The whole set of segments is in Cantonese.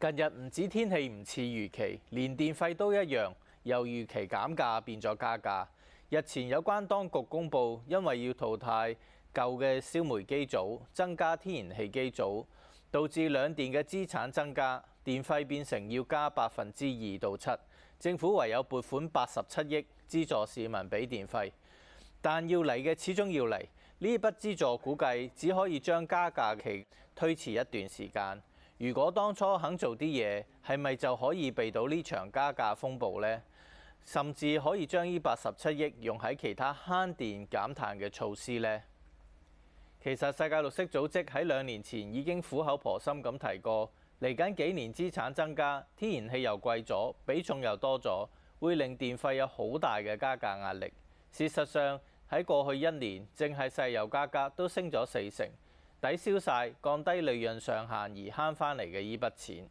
近日唔止天氣唔似預期，連電費都一樣，由預期減價變咗加價。日前有關當局公佈，因為要淘汰舊嘅燒煤機組，增加天然氣機組，導致兩電嘅資產增加，電費變成要加百分之二到七。政府唯有撥款八十七億，資助市民俾電費。但要嚟嘅始終要嚟，呢筆資助估計只可以將加價期推遲一段時間。如果當初肯做啲嘢，係咪就可以避到呢場加價風暴呢？甚至可以將呢八十七億用喺其他慳電減碳嘅措施呢？其實世界綠色組織喺兩年前已經苦口婆心咁提過，嚟緊幾年資產增加，天然氣又貴咗，比重又多咗，會令電費有好大嘅加價壓力。事實上，喺過去一年，淨係石油價格都升咗四成，抵消晒降低利潤上限而慳翻嚟嘅依筆錢。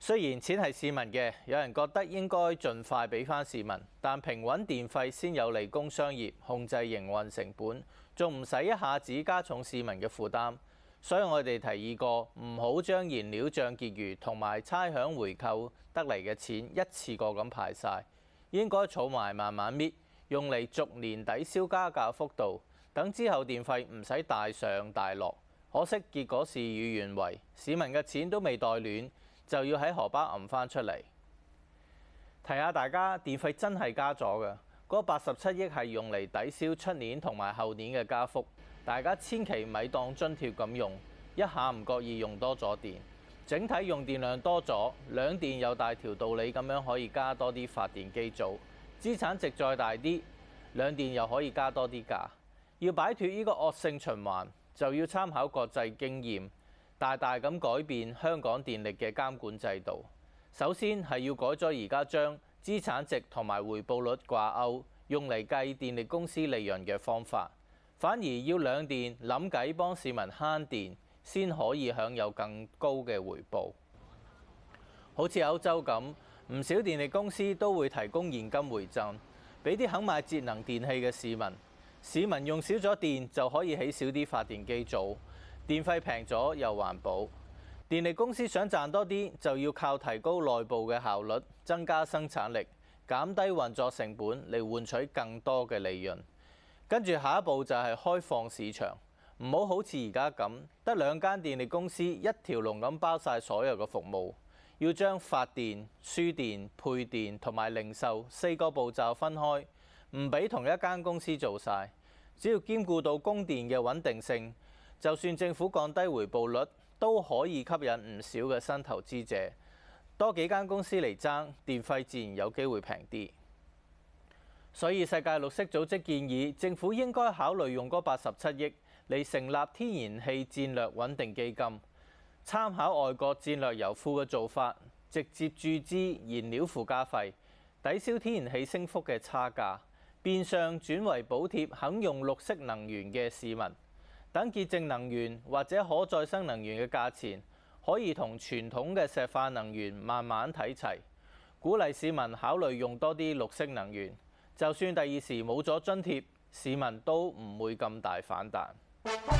雖然錢係市民嘅，有人覺得應該盡快俾翻市民，但平穩電費先有利工商業，控制營運成本，仲唔使一下子加重市民嘅負擔。所以我哋提議過唔好將燃料帳結餘同埋差餉回購得嚟嘅錢一次過咁排晒，應該儲埋慢慢搣。用嚟逐年抵消加價幅度，等之後電費唔使大上大落。可惜結果事與願違，市民嘅錢都未袋暖，就要喺荷包揞翻出嚟。提下大家，電費真係加咗嘅，嗰八十七億係用嚟抵消出年同埋後年嘅加幅。大家千祈咪當津貼咁用，一下唔覺意用多咗電，整體用電量多咗，兩電有大條道理，咁樣可以加多啲發電機組。資產值再大啲，兩電又可以加多啲價。要擺脱呢個惡性循環，就要參考國際經驗，大大咁改變香港電力嘅監管制度。首先係要改咗而家將資產值同埋回報率掛鈎，用嚟計電力公司利潤嘅方法，反而要兩電諗計幫市民慳電，先可以享有更高嘅回報。好似歐洲咁。唔少電力公司都會提供現金回贈，俾啲肯買節能電器嘅市民。市民用少咗電就可以起少啲發電機組，電費平咗又環保。電力公司想賺多啲，就要靠提高內部嘅效率，增加生產力，減低運作成本嚟換取更多嘅利潤。跟住下一步就係開放市場，唔好好似而家咁，得兩間電力公司一條龍咁包晒所有嘅服務。要將發電、輸電、配電同埋零售四個步驟分開，唔俾同一間公司做晒。只要兼顧到供電嘅穩定性，就算政府降低回報率，都可以吸引唔少嘅新投資者。多幾間公司嚟爭電費，自然有機會平啲。所以世界綠色組織建議政府應該考慮用嗰八十七億嚟成立天然氣戰略穩定基金。參考外國戰略油庫嘅做法，直接注資燃料附加費，抵消天然氣升幅嘅差價，變相轉為補貼肯用綠色能源嘅市民。等潔淨能源或者可再生能源嘅價錢可以同傳統嘅石化能源慢慢睇齊，鼓勵市民考慮用多啲綠色能源。就算第二時冇咗津貼，市民都唔會咁大反彈。